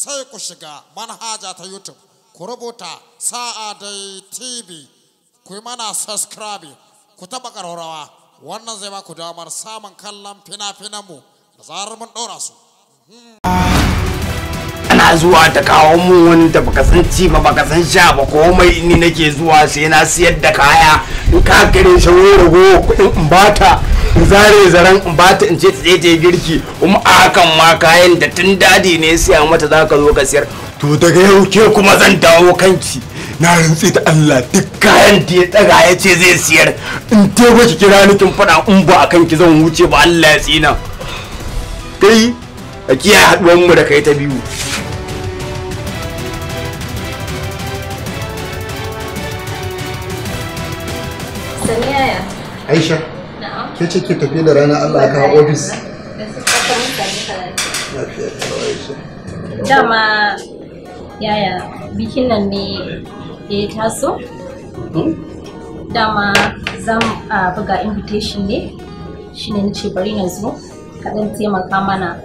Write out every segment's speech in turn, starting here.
sai ku shiga manhaja ta YouTube, ku rubuta sa'a dai TV, ku yi mana subscribe, ku taba ƙararrawa, wannan zai ba ku damar samun kallon fina-finanmu da zarar mun ɗora su. Ana zuwa ta kawo mu wani da baka san ci ba baka san sha ba komai ni nake zuwa sai na siyar da kaya in ka gare kare shawarar kuɗin in bata. zare zaren in ba in ce ta je ta girki kuma a hakan ma kayan da tun dadi ne siya mata za ka zo ka siyar to daga yau ke kuma zan dawo kanki na rantsi da Allah duk kayan da ya tsaga ya ce zai siyar in te ba ki kira ni kin fada in ba akan ki zan wuce ba Allah ya tsina kai a kiyaye haduwan mu da kai ta biyu Aisha ke ce ke tafi da ranar Allah ka ofis dama yaya bikin nan ne ya taso hmm? dama zan buga invitation ne shine na ce bari na zo kaɗan taimaka mana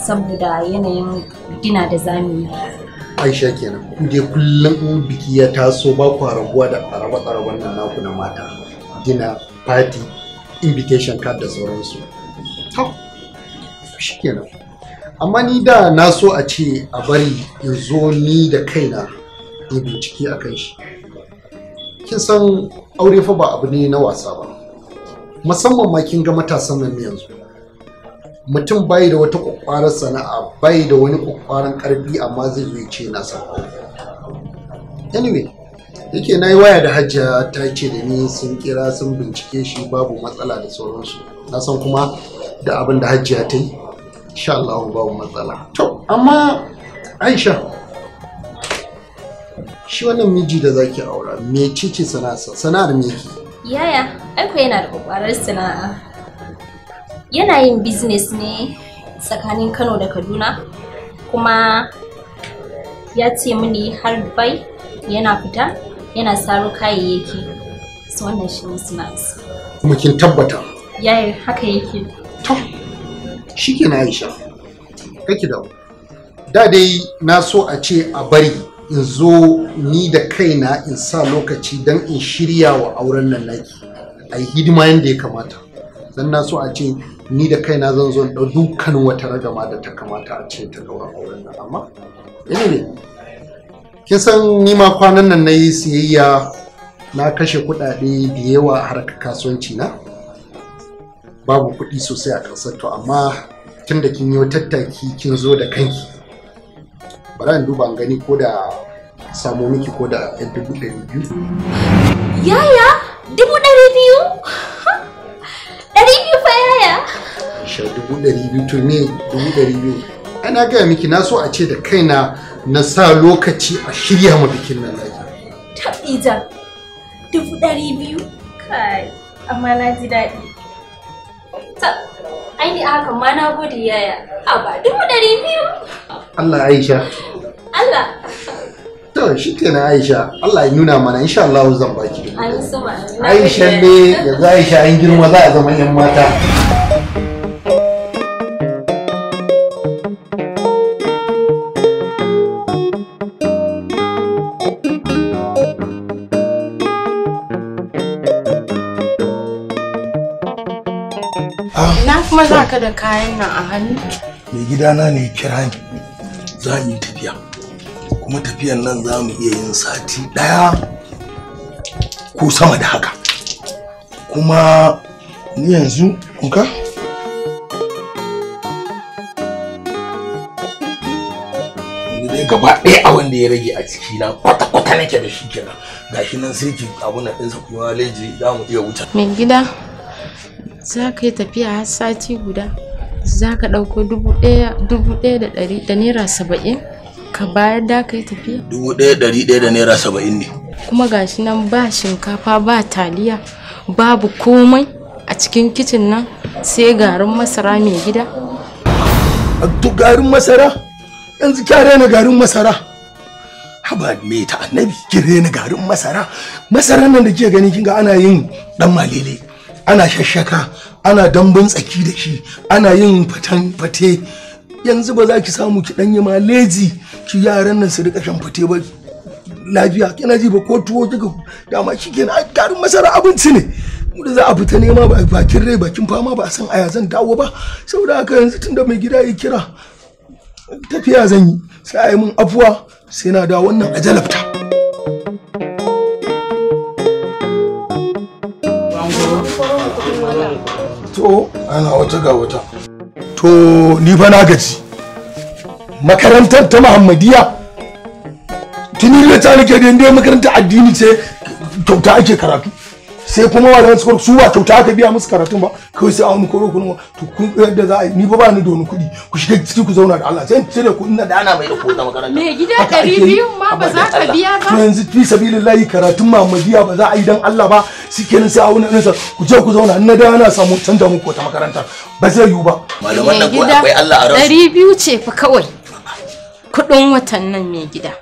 saboda yanayin dina da zamu yi aisha kenan ku kullum biki ya taso ba ku rabuwa da arabe-araben nan naku na mata dina fati invitation card da sauransu shi kenan amma ni da na so a ce a bari in zo ni da kaina in bincike a kan shi kin san aure fa ba abu ne na wasa ba musamman ma kin ga matasan nan yanzu mutum bai da wata kwakwarar sana'a bai da wani kwakwaran karfi amma zai zo ce na san anyway yake na yi waya da Hajiya ta ce da ni sun kira sun bincike shi babu matsala da sauransu na san kuma da abin da hajjiya ta yi sha Allah babu matsala to amma aisha shi wannan miji da zaki aura me ce ce sana'ar me ke yaya aiko yana da kwakwarar sana'a yana yin business ne tsakanin Kano da Kaduna kuma ya ce mini har bai yana fita yana saro kayayyaki su wannan shi ne snacks kuma kin tabbata yayi haka yake to na Aisha kake da da dai na so a ce a bari in zo ni da kaina in sa lokaci don in shirya wa auren nan naki a yi hidima yadda ya kamata dan na so a ce ni da kaina zan zo ɗau dukkanin wata ragama da ta kamata a ce ta ɗaura auren nan amma ne kin san ni ma kwanan nan na yi siyayya na kashe kudade da yawa a harkar kasuwanci na babu kuɗi sosai a kasar to amma tun da kin yi tattaki kin zo da kanki bari in duba gani ko da samu miki ko da yan dubu ɗari biyu yaya dubu ɗari biyu ɗari biyu fa yaya sha dubu ɗari biyu to ne dubu ɗari biyu na gaya miki na so a ce da kaina na sa lokaci a shirya mu bikin nan naki. Tafiza, dubu ɗari biyu? Kai, amma na ji daɗi. Ta, ai a haka, ma na gode yaya. Aba, dubu ɗari biyu? Allah Aisha. Allah. To, shi na Aisha. Allah ya nuna mana insha Allah zan baki. Aisha ne, yanzu Aisha an girma za a zama 'yan mata. kuma za ka da kayan nan a hannu? Mai gidana ne kira ni za mu yi tafiya. Kuma tafiyan nan za mu iya yin sati ɗaya ko sama da haka. Kuma ni yanzu, kuka? gaba ɗaya abin da ya rage a na kwata-kwata nake da shi kenan gashi nan sai ki abu na ɗinsa kuma leji za iya wuta Mai gida, za ka yi tafiya har sati guda za ka ɗauko dubu ɗaya da ɗari da naira saba'in ka bayar da ka yi tafiya dubu ɗaya ɗari ɗaya da naira saba'in ne kuma gashi nan ba shinkafa ba taliya babu komai a cikin kicin nan sai garin masara mai gida duk garin masara yanzu kya rena garin masara haba me ta annabi ki rena garin masara masara nan da ke gani kinga ana yin dan malele ana shashaka ana dambun tsaki da shi ana yin fatan fate yanzu ba za ki samu ki danyi ma lezi ki yaran nan su rika shan fate ba lafiya kina ji ba ko tuwo kika dama shi ke garin masara abinci ne da za a fita nema ba bakin rai bakin fama ba a san aya zan dawo ba saboda haka yanzu tunda mai gida ya kira tafiya zan yi sai a yi min afuwa sai na da wannan ajalabta. so ana wata ga wata to ni fa na gaji makarantar ta muhammadiya tuni da ta nake da makarantar addini ce kyauta ake karatu sai kuma wa suka su ba kyauta aka biya musu karatun ba kawai sai an koro kunu to kun yadda za a ni ba ba ni don kuɗi ku shiga ciki ku zauna da Allah sai in cire kuɗin da ana mai da da makaranta me gida biyu ma ba za ka biya ba to yanzu fi sabilillahi karatun Muhammadiya ba za a yi dan Allah ba shikenan sai a wani ɗinsa ku je ku zauna in na da ana samu canza muku ta makaranta ba zai yiwu ba malaman nan ko akwai Allah a ransu 200 ce fa kawai kuɗin watan nan me gida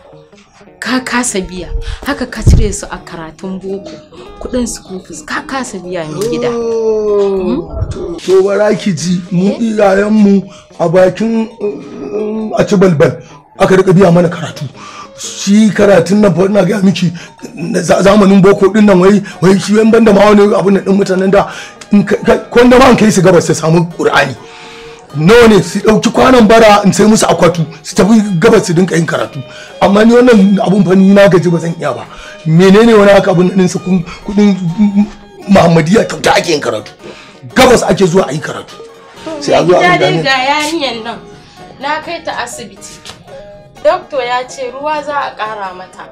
ka kasa biya haka ka cire su a karatun boko kudin school ka kasa biya mai gida oh, hmm? to bara ji mu eh? iyayen mu a bakin mm, a ci balbal aka rika biya mana karatu shi karatun nan fa ina ga miki zamanin boko din nan wai wai shi ban da ma wani abun nan din mutanen da ko da ma an kai su gabas sai samu qur'ani nawa ne su ɗauki kwanan bara in sai musu akwatu su tafi gabas su dinka yin karatu amma ni wannan abun fa ni na gaji ba zan iya ba menene wani haka abun ɗinsa kuɗin muhammadiya kyauta ake yin karatu gabas ake zuwa a yi karatu sai a zo a ga yariyan nan na kai ta asibiti doktor ya ce ruwa za a ƙara mata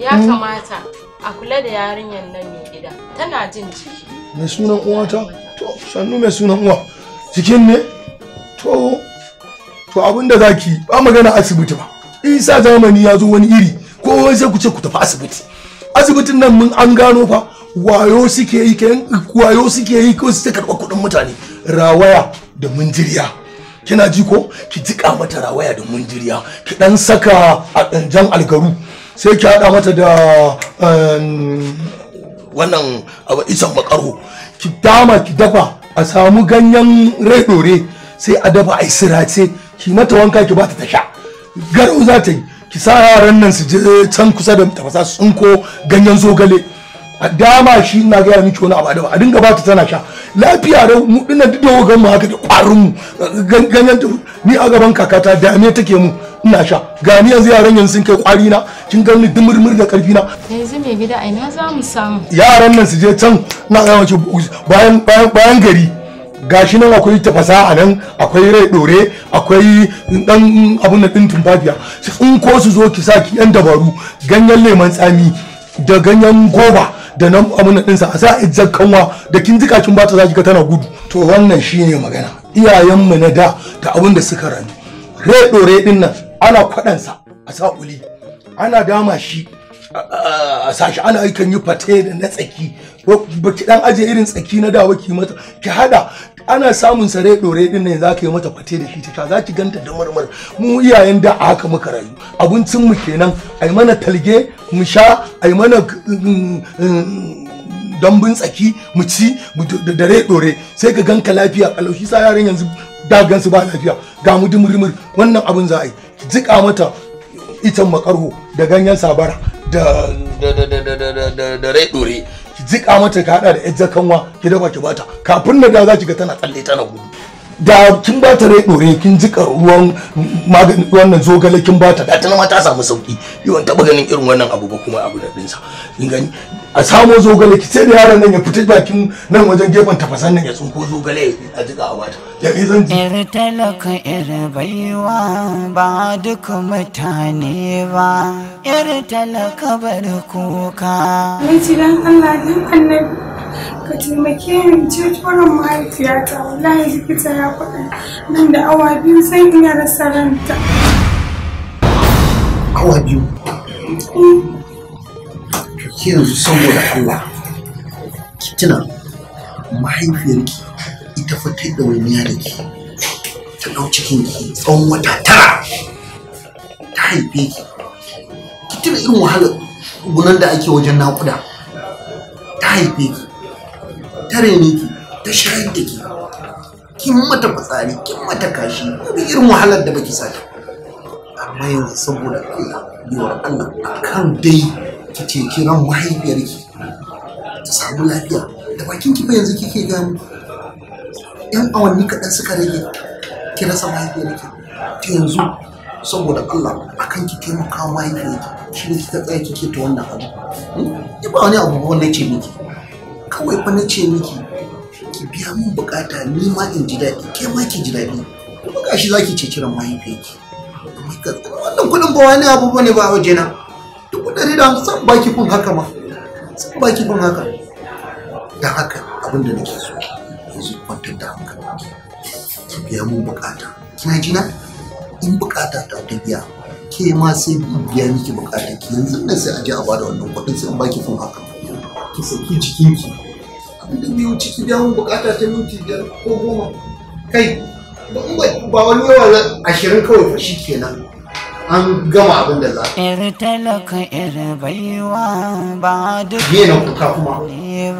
ya mm-hmm. kamata a kula da yarinyan nan mai gida tana jin ciki mai sunan uwata to sannu mai sunan uwa cikin ne to to abin da zaki ba magana asibiti ba sa zamani ya zo wani iri ko sai ku ce ku tafi asibiti asibitin nan mun an gano fa wayo suke yi kayan wayo suke yi ko suke kuɗin mutane rawaya da munjiriya kina ji ko ki jika mata rawaya da munjiriya ki dan saka a eh, algaru sai ki haɗa mata da eh, wannan abu isan makaro ki dama ki dafa a samu ganyen rai dore sai a dafa ai sirace ki mata wanka ki bata ta sha garau za ta yi ki sa yaran nan su je can kusa da tafasa sun tsinko ganyen zogale a dama shi na gaya miki wani abu a a dinga bata tana sha lafiya da mu dinnan duk da wogan mu haka da kwarin mu ganyen ni a gaban kakata dame take mu ina sha gani yanzu yaran yanzu sun kai kwari na kin ga ni dumurmur da karfi na yanzu me gida ai na za mu samu yaran nan su je can na ga wace bayan bayan bayan gari gashi nan akwai tafasa a nan akwai rai dore akwai dan abun nan din tumfafiya In ko su zo ki sa ki yan dabaru ganyen leman tsami da ganyen goba da nan abun nan sa a sa izzar kanwa da kin jika kin bata zaki ga tana gudu to wannan shine magana iyayenmu na da da abun da suka rani rai dore din nan ana sa a sa uli ana dama shi a sashi ana aikan yi fate da na tsaki ba ki dan aje irin tsaki na dawa ki mata ki hada ana samun sare dore din nan zaka yi mata fate da shi ta zaki ganta da marmar mu iyayen da haka muka rayu abincin mu kenan ai mana talge mu sha ai mana dambun tsaki mu ci da dare dore sai ka ganka lafiya kalau sa yaran yanzu dagan su ba lafiya ga mu dumurmur wannan abun za a yi jika mata itan makarho da ganyen sabara da da da da da da da da jika mata ka hada da yar kanwa ki dafa ki bata kafin na da za ki ga tana tsalle tana gudu da kin bata rai dore kin jika ruwan maganin wannan zogale kin bata da tana ma ta samu sauki yawan taba ganin irin wannan abu ba kuma abu da dinsa kin gani a samo zogale ki sai da yaron nan ya fita bakin nan wajen gefen tafasan nan ya tsunko zogale a jiga a wata ya yi zan ji ir talaka ir baiwa ba duk mutane ba ir talaka bar kuka mai jiran Allah dan annabi ka taimake ni ce tsoron mahaifiyata wallahi likita ya faɗa nan da awa biyu zan iya rasa ranta awa biyu eh. yanzu saboda Allah ki tuna mahaifiyarki ita fa ta da da ki ta ɗau cikin tsawon wata tara ta haife ki ki tuna irin wahala gunan da ake wajen naƙuda ta haife ki ta rene ki ta shayar da ki kin mata fitsari kin mata kashi irin wahalar da baki sata amma yanzu saboda Allah yiwuwar Allah akan dai kike kiran mahaifiyarki ta samu lafiya da bakin ki yanzu kike ga mu yan awanni kaɗan suka rage ki rasa mahaifiyarki ta yanzu saboda Allah akan ki taimaka mahaifiyarki shi ne kika tsaya kike ta wannan abu ni hmm? eh, ba wani abu ba ce miki kawai fa na ce miki ki biya min bukata ni ma in ji daɗi ke ma ki ji daɗi kuma gashi zaki ce kiran mahaifiyarki wannan kuɗin ba wani abu bane ba wajena dubu ɗari da hamsin baki kun haka ma sun baki kun haka da haka abin da nake so yanzu kwantar da hankali ki biya mun bukata kina jina in bukata ta ta biya ke ma sai biya miki bukata ki yanzu nan sai a je a bada wannan kuɗin sai in baki kun haka ki saki jikinki abin da biyu ciki biya mun bukata ta minti biyar ko goma kai ba wani yawa ashirin kawai fa shi kenan an gama abin da za iri talaka iri baiwa ba duk yana kuka kuma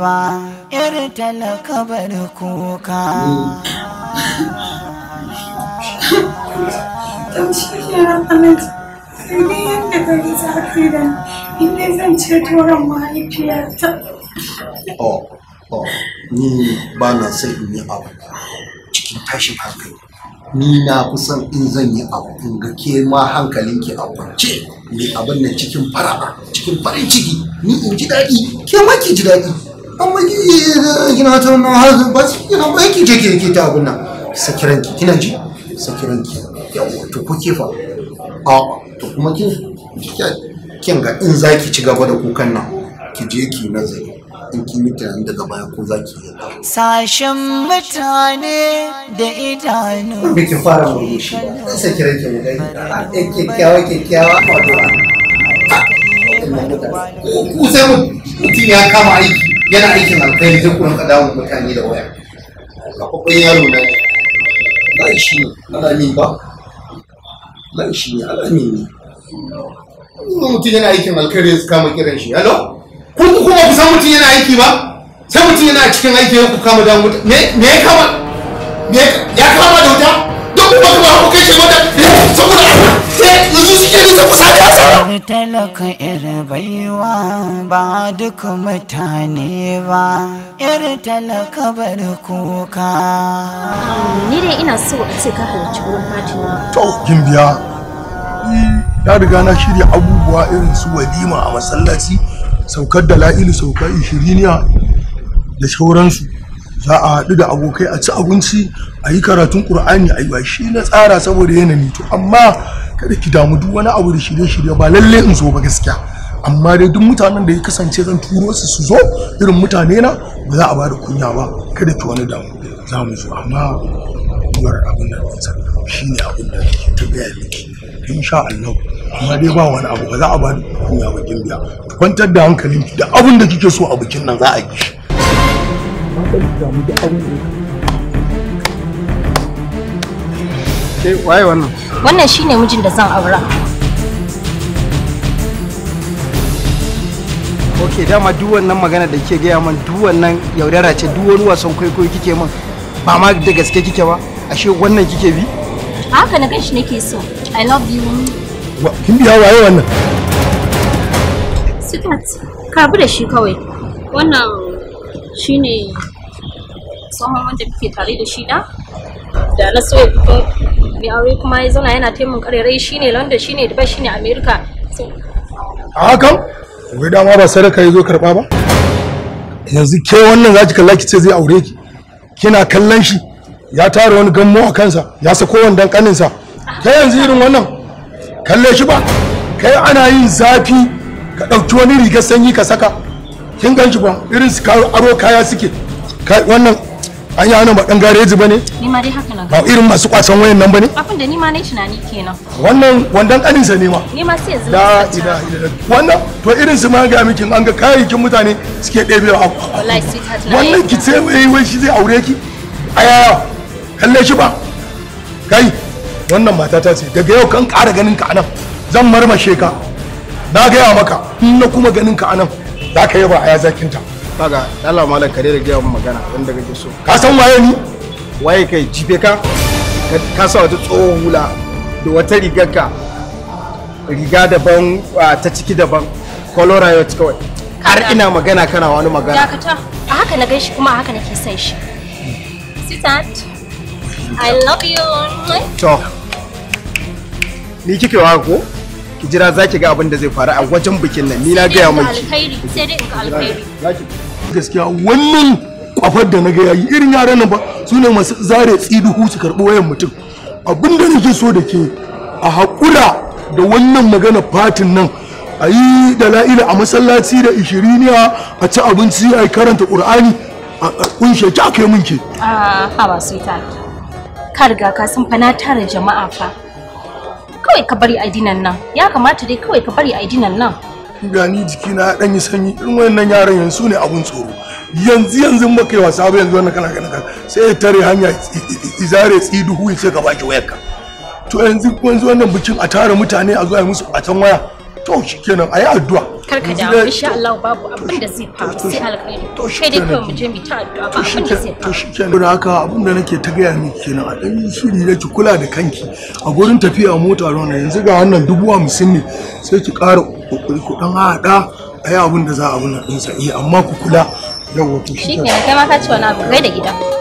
ba iri talaka bari kuka Inda zan ceto ran mahaifiyarta. Oh, oh, ni ba na sai in yi abu cikin tashin hankali. ni na kusan in zan yi abu in ga ke ma hankalinki a kwance ne abin nan cikin fara'a cikin farin ciki ni in ji daɗi ke ma ki ji daɗi amma ki kina ta na har ba ki kina ba ki je ki ki ta abin nan sakiran ki kina ji sakiran ki yawa to ku ke fa a to kuma kin kin ga in zaki ci gaba da kukan nan ki je ki nazari in kin yi tunanin daga baya ko za ki yi sashen mutane da idanu da kin fara murmushi ba sai sai kira ki mu gani a ah, eh, kyakkyawa kyakkyawa wato ku sai mutum ya kama aiki yana aikin alkhairi zai kuma ka dawo mutane da waya kafafen yaro na ne. ba shi ne alamin ba ba shi ne alamin ne mutum yana aikin alkhairi ya kama kiran shi hello kun kuma ku san mutum yana aiki ba sai mutum yana cikin aiki ya ku kama da wuta me ya kama ya kama da wuta don kuma kuma ku kai shi mata saboda sai yanzu suke da ta kusa da sa talaka irin baiwa ba duk mutane ba irin talaka bar kuka ni dai ina so a ce ka halarci wurin fatima to kin biya ya riga na shirya abubuwa irin su walima a masallaci saukar da la'ilu sauka ishiriniya da shauransu za a haɗu da abokai a ci abinci a yi karatun ƙur'ani a yi shi na tsara saboda yanayi to amma kada ki damu duk wani abu da shirye-shirye ba lalle in zo ba gaskiya amma dai duk mutanen da ya kasance zan turo su su zo irin mutane na ba za a ba da kunya ba kada ki wani damu za mu zo amma yiwuwar abin da shi ne abin da ta gaya miki insha Allah amma dai ba wani abu ba za a ba da kunya biya gimbiya kwantar da hankalin da abin da kike so a bikin nan za a yi shi Ke waye wannan? Wannan shine mijin da zan aura. ok dama duk wannan magana da kike gaya man duk wannan yaudara ce duk wani wasan kwaikwayo kike man ba ma da gaske kike ba ashe wannan kike bi haka na gashi nake so i love you kin biya waye wannan sitat ka bi da shi kawai wannan shine tsohon wanda kike tare da shi da da na so mai aure kuma ya zauna yana taimun karerai shine london shine dubai shine america a hakan wai dama ba sadaka ya zo karba ba yanzu ke wannan zaki kalla ki ce zai aure ki kina kallon shi ya tara wani gammo a kansa ya sako wandan kaninsa Kai yanzu irin wannan kalle shi ba kai ana yin zafi ka ɗauki wani rigar sanyi ka saka kin ganshi ba irin su karo aro kaya suke kai wannan an yi hannun baɗan gareji ba ne? ni ma dai haka nan ba irin masu kwasan wayan nan ba ne? abin da ni ma nai tunani kenan wannan wandan sa ne ma ni ma sai yanzu da ila ila wannan to irin su ma ga miki an ga kayayyakin mutane suke ɗebe wa. wallahi sweetheart na wannan ki ce wai wai shi zai aure ki aya kalle shi ba kai wannan matata ce daga yau kan ƙara ganin ka anan zan marmashe ka na gaya maka in na kuma ganin ka anan za ka ba a ya zakinta Baga Allah malam kare da gaya magana wanda kake so ka san waye ni waye kai jife ka ka sa wata tsohon hula da wata rigar ka riga daban ta ciki daban color riot kawai har ina magana kana wani magana kata a haka na gaishe kuma a haka nake son shi sit I love you. talk. ni kike wa ko ki jira za ki ga abin da zai faru a wajen bikin nan ni na gaya mai ki gaskiya wannan kwafar da na ga yayi irin yaran nan ba su ne masu zare tsiduhu su karɓi wayan mutum abin da nake so da ke a haƙura da wannan magana fatin nan ayi yi da la'ila a masallaci da ishiriniya a ci abinci a karanta ƙur'ani a kunshe ki aka yi min ke. a ba ta ka riga ka sun fa na tara jama'a fa kawai ka bari aidinan nan ya kamata dai kawai ka bari aidinan nan gani jikina dan yi sanyi irin wannan yaran yanzu ne abun tsoro yanzu yanzu ba kai wasa ba yanzu wannan kana kana sai ya tare hanya izare tsiduhu ya ce ka baki wayarka to yanzu yanzu wannan bikin a tara mutane a zo a musu a can waya to shikenan yi addu'a kar ka damu insha Allah babu abin da zai faru sai alkhairi kai dai kawai mu je mu ta addu'a ba abin da zai faru to haka abin da nake ta gaya miki kenan a dan shiri da ki kula da kanki a gurin tafiya mota rona yanzu ga wannan dubu hamsin ne sai ki ƙara kokari ku dan haɗa a yi abin da za a abin nan ɗinsa iya eh, amma ku kula yawwa to shi ne kai ma ka ci wani abu kai da gida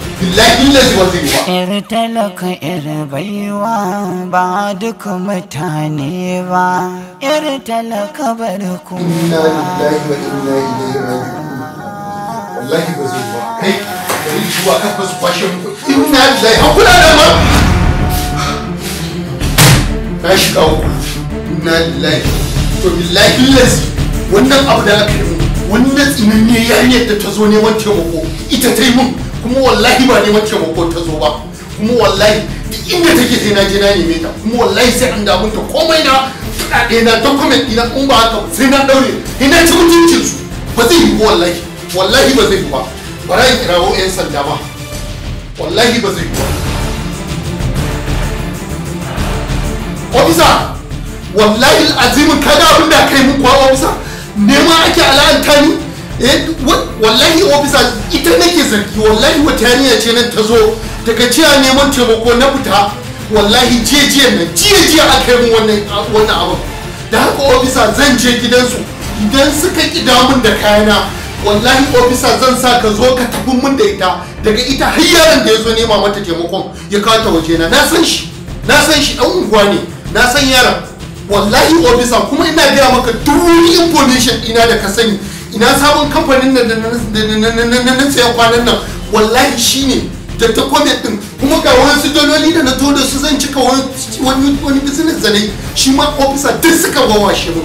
billahi ba ir ba duk mutane ba lillahi wa ilaihi wallahi ba zai kai zuwa kan ba su kwashe mu lillahi an kula da ma na lillahi to wannan abu da aka yi mun wannan tsinanne da ta zo neman taimako ita ta yi mun kuma wallahi ba neman taimako ta zo ba kuma wallahi duk inda take sai na je na neme ta kuma wallahi sai an ta komai na kuɗaɗe na document ina in ba haka sai na ɗaure ina ci mutuncin su ba zai yi wallahi wallahi ba zai yi ba ba za kirawo 'yan sanda ba wallahi ba zai yi ba ofisa wallahi azimin kada abin da kai mun kwa ofisa nema ake ala'anta ni Eh, wallahi ofisa ita nake zargi wallahi wata yarinya ce nan ta zo daga cewa neman taimako na fita wallahi jejiya na jejiya aka yi wannan wannan abin da haka ofisa zan je gidansu idan suka ki damun da kayana wallahi ofisa zan sa ka zo ka tafi mun da ita daga ita har yaran da ya zo nema mata taimakon ya kawo ta waje na na san shi na san shi dan unguwa ne na san yaran. wallahi ofisa kuma ina gaya maka duk information ina da ka sani ina sabon kamfanin nan da na saya kwanan nan wallahi shi ne da ta kome din kuma ga wasu dololi da na to da su zan cika wani business da ne shi ma ofisa duk suka wawa shi mu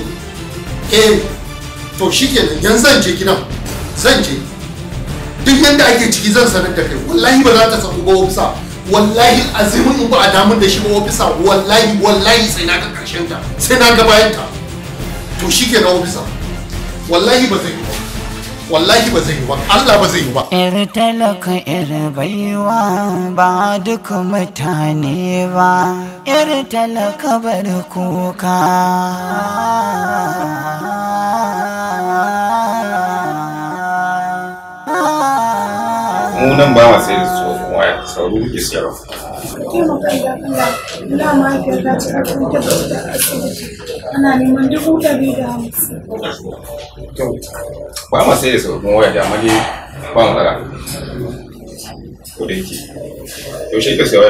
eh to nan yanzu zan je gidan zan je duk yanda ake ciki zan sanar da kai wallahi ba za ta sabu ba ofisa wallahi azimin in ba a damun da shi ba ofisa wallahi wallahi sai na ga karshen ta sai na ga bayan ta to na ofisa. wallahi ba zai yi ba wallahi ba zai yi ba Allah ba zai yi ba iri talaka iri baiwa ba duk mutane ba iri talaka bar kuka mu ba ma sai da tsohon waya sauri muke da mahaifiyata ce aka mutu da ita ana neman dubu ɗari da hamsin. ba ma sai da sababbin waya da amma dai ba matsala ko da yake yaushe ka siya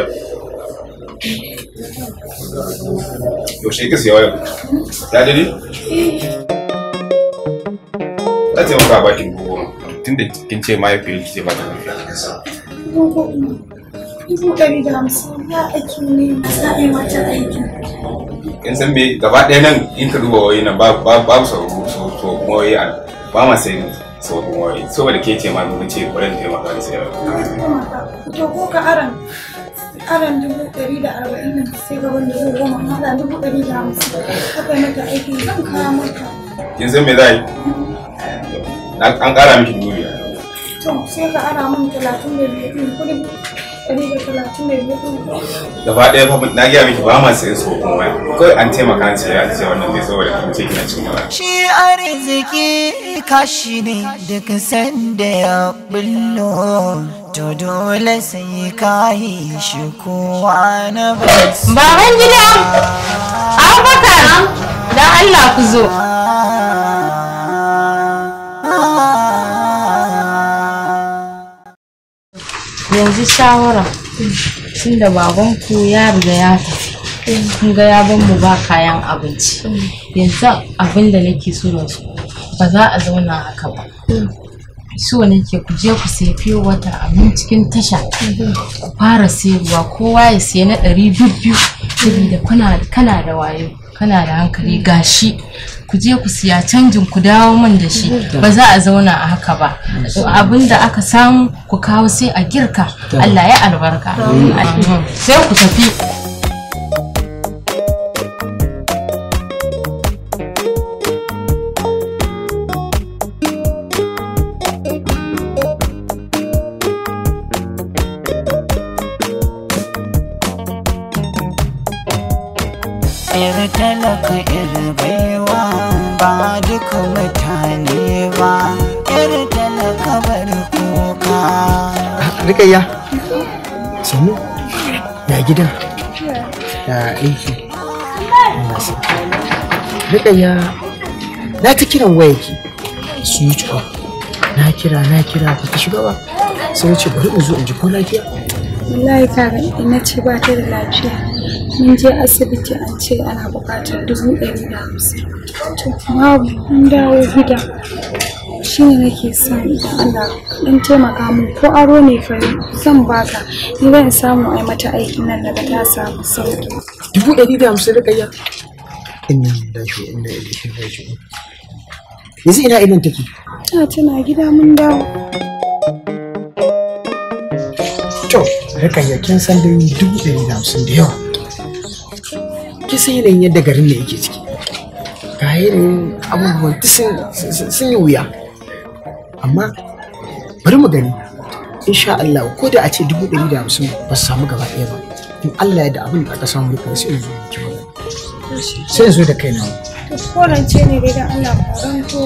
yaushe ka ta dade? ta taimaka bakin goma tun da kin ce mahaifiyar ki ce ba ta lafiya dubu ya aiki ne in san me gaba ɗaya nan in ka duba wayoyi nan babu sauran wayoyi a ba ma sai sauran wayoyi saboda ke ce ma mun ce bari ta ne da sayarwa. to ko ka aran aran dubu ɗari da arba'in nan sai ga wanda zai goma haɗa dubu ɗari da hamsin haka mata aiki zan kawo mata. kin san me za a yi? an ƙara miki dubu biyar. to sai ka ara min talatin da biyar ɗin kuɗi gaba ɗaya fa na gaya miki ba ma sayan tsofaffin waya kawai an taimaka an saya an saya wannan ne saboda an ce kina cin waya shi arziki kashi ne duk sanda ya bullo to dole sai ka yi shi kowa na baban gida abubakar da allah ku zo yanzu shawara tunda babanku ya riga ya tafi kun ga ya ban mu ba kayan abinci yanzu abin da nake so da su ba za a zauna haka ba so nake ku je ku sai fiye wata abin cikin tasha ku fara sayarwa kowa ya sayi na ɗari biyu saboda kana da wayo kana da hankali gashi ku je ku siya canjin ku dawo min da shi mm-hmm. ba za a zauna a haka ba mm-hmm. abin da aka samu ku kawo sai a girka mm-hmm. Allah ya albarka sai ku tafi rikayya sannu ya gidan ya aiki rikayya na ta kiran wayaki su yi cuwa na kira na kira ba ta shiga ba sai ce bari in zo in ji ko lafiya wallahi kaga idan na ce ba ta da lafiya mun je asibiti an ce ana buƙatar dubu ɗari da hamsin to babu mun dawo gida shine ne nake son Allah in taimaka min ko aro ne fa zan baka ni zan samu ai mata aikin nan daga ta samu sauki dubu ɗari da hamsin da kayya inna lillahi wa inna ilaihi raji'un yanzu ina idan take ta tana gida mun dawo to kan kin san dai dubu ɗari da hamsin da yawa ki san yanayin yadda garin ne yake ciki ga yanayin abubuwan sun yi wuya amma bari mu gani insha Allah ko da a ce dubu ɗari da hamsin ba su samu gaba ɗaya ba in Allah ya da abin da aka samu duka sai in zo ki sai in zo da kaina korance ne dai dan Allah karanto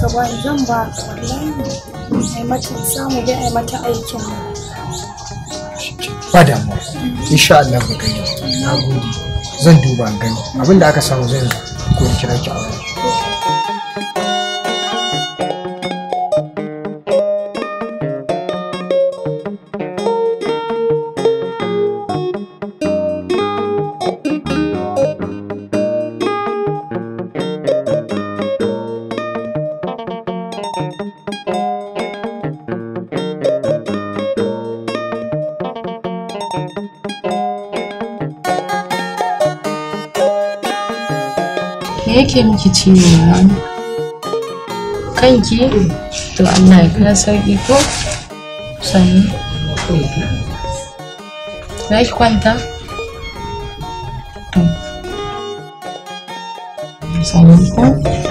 gaba zan ba wallahi ai mata samu dai ai mata aikin ba damuwa insha Allah ba kai na gode zan duba gani abin da aka samu zan ko kira ki a wani ce miki ciwo ne kanki to Allah ya kira sauki ko sannu za ki kwanta to sannu ko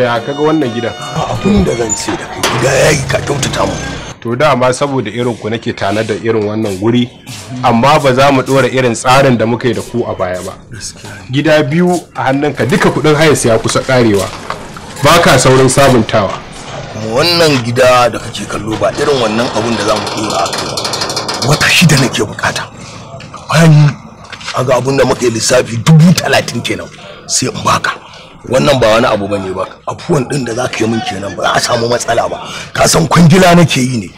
ya kaga wannan gidan abin da zan ce da kai. ga yayi ka kyautata mu to dama saboda irin ku nake tana da irin wannan guri amma ba za mu dora irin tsarin da muka yi da ku a baya ba gida biyu a hannun ka duka kudin hayas ya kusa karewa ba ka saurin sabuntawa wannan gida da kake kallo ba irin wannan abun da za mu dora a kai wata shida nake bukata bayan aga abun da muka yi lissafi dubu talatin kenan sai in baka wannan ba wani abu bane ba afuwan din da zaka yi min kenan ba za a samu matsala ba ka san kwangila nake yi ne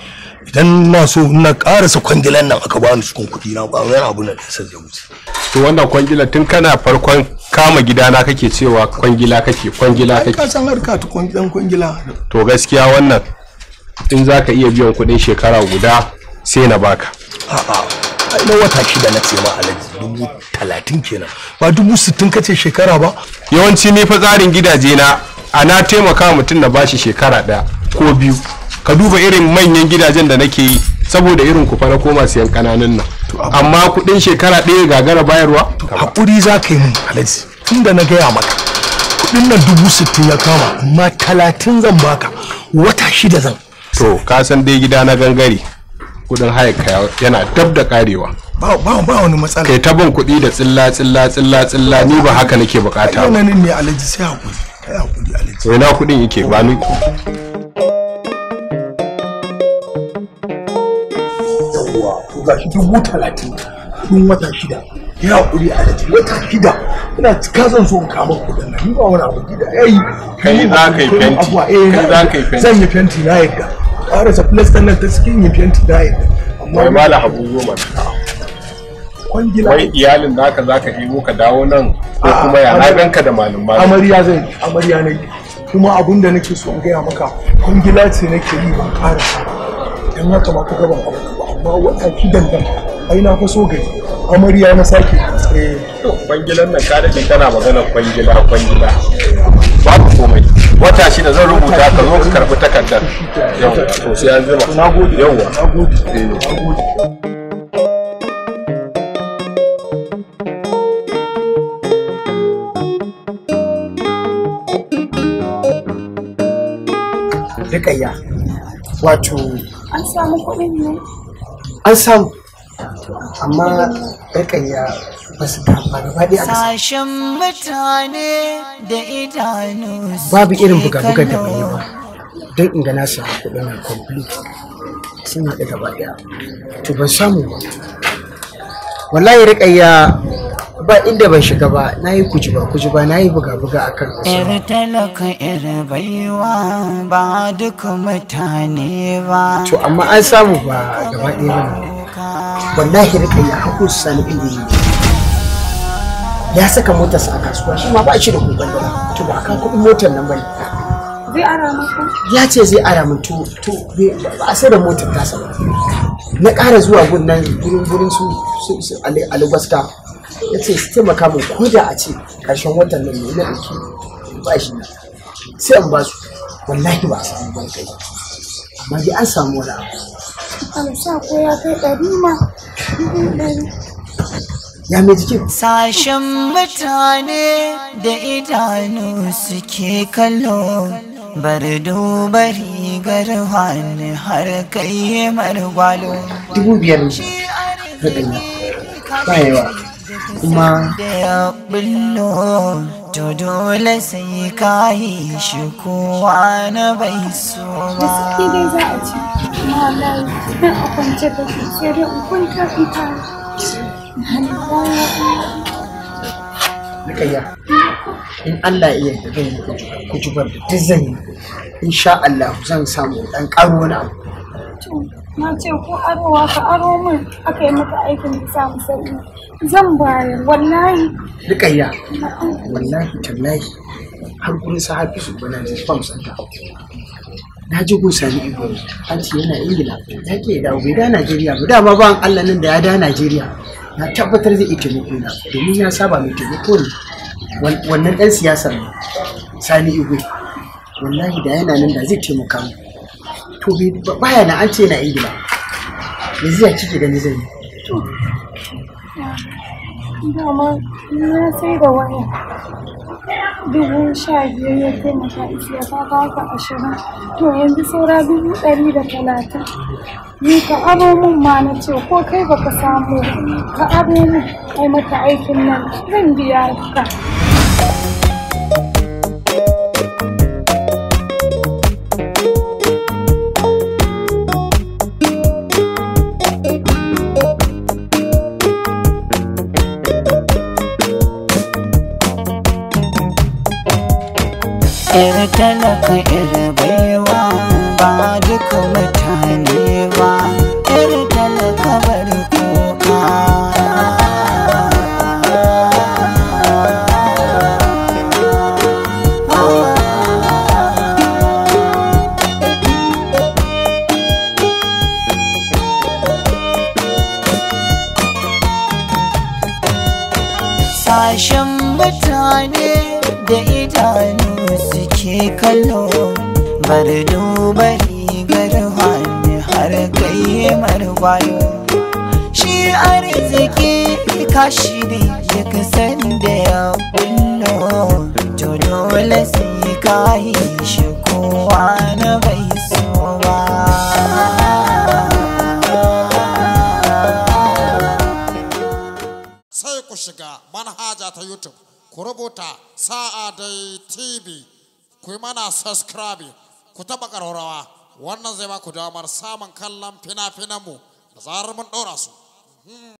idan na so na karasa kwangilan nan aka bani cikin kuɗi na ba wani abu na sai ya wuce to wannan kwangila tun kana farkon kama gidana kake cewa kwangila kake kwangila kake ka san harka ta kwangilan kwangila to gaskiya wannan in zaka iya biyan kuɗin shekara guda sai na baka a'a na wata shida na ce ma alaji dubu talatin kenan ba dubu sittin kace shekara ba yawanci ne fa tsarin gidaje na ana taimaka mutum na bashi shekara ɗaya ko biyu ka duba irin manyan gidajen da nake yi saboda irin ku fara koma siyan kananan nan amma kuɗin shekara ɗaya gagara bayarwa hakuri za ka yi mun alaji tunda na gaya maka kuɗin nan dubu sittin ya kama amma talatin zan baka wata shida zan to ka san dai gida na gangare kudin hayarka yana dab da karewa ba ba wani matsala kai tabon kuɗi da tsilla tsilla tsilla tsilla ni ba haka nake bukata ba nan ne alaji sai hakuri kai hakuri alaji wai na kuɗin yake ba ni yawa to gashi dubu talatin ɗin wata shida ya hakuri alaji wata shida ina cika son so in kama kuɗin nan ni ba wani abu gida yayi kai za ka yi fenti eh, kai za ka yi fenti zan yi fenti na yadda karasa filastan nan ta cikin yi, fenti da yadda Wai ma habu goma wai iyalin naka zaka ɗebo ka dawo nan ko kuma ya haɗan ka da malum malum amarya zai amarya ne kuma abun da nake so gaya maka kwangila ce nake yi ban karasa dan haka ma ka gaban abu amma wata kidan dandam. ai na fa so gari amarya na sake eh, kwangilan nan ka daɗe kana magana kwangila kwangila babu komai wata shida zan rubuta ka zo ka karbi takardar yau to sai an zuba yauwa eh, Rikayya, wato... An samu kuɗin ne? An samu. amma ƙarƙariya ba su dama gaba ɗaya sashen mutane da idanu babu irin buga-buga da bai yi ba don in gana su kuɗin na complete sun haɗu gaba ɗaya to ban samu ba wallahi riƙayya ba inda ban shiga ba na yi kujiba kujiba na yi buga-buga a kan iri talaka iri baiwa ba duka mutane ba to amma an samu ba gaba ɗaya ba wallahi rika ya hako su sani inda yi ya saka motarsa a kasuwa shi ma ba shi da kokon da to ba kan kuɗin motar nan bane zai ara maka ya ce zai ara min to to ba sai da motar ta saba na ƙara zuwa gun nan gurin gurin su su ya ce su taimaka min ko da a ce ƙarshen watan nan ne na ɗauki ba shi sai an ba su wallahi ba a samu ban kai amma dai an samu wani abu hamsin ko ya kai ɗari ma ya mai jikin sashen mutane da idanu suke kallo bar duba rigar hannu har kai marwalo dubu biyar ba yawa kuma da ya bullo to dole sai ka yi shi kowa na bai so ba. Da suke dai za a ci, na lai, na a kwance da shi sai dai in kwanta in fara. Rikayya, in Allah iya da zan yi kujubar da duk zan yi, in sha Allah zan samu ɗan ƙaro wani abu. to na ce ko arowa ka aro min aka yi maka aikin da samu sauki zan bayar wallahi rikayya wallahi tallahi har sa sahabi su bana ji fam musanta. na ji gun sani ibo an ce yana ingila ya ke da bai da najeriya ba dama ba allah nan da ya da najeriya na tabbatar zai iya taimako na domin ya saba mai taimako ne wannan ɗan siyasar sani ibo wallahi da yana nan da zai taimaka mu to baya na an ce na ingila yanzu ya kike gani zai yi dama na sai da waya dubu sha biyar ya taimaka isiya ta baka ashirin to yanzu saura dubu ɗari da talatin ni ka aro min ma na ce ko kai baka samu ka aro min kai mata aikin nan zan biya ka ‘yar talaka ‘yar baiwa ba duk har dubari garwani har kai marwayo shi arziki kashi ne duk sanda ya kullo to dole sai ka yi shi kowa na bai so ba ku shiga manhaja ta YouTube, ku rubuta sa'a dai TV, ku yi mana subscribe ku taɓa ƙararrawa wannan zai ba ku damar samun kallon fina-finanmu da zarar mun ɗora su hmm.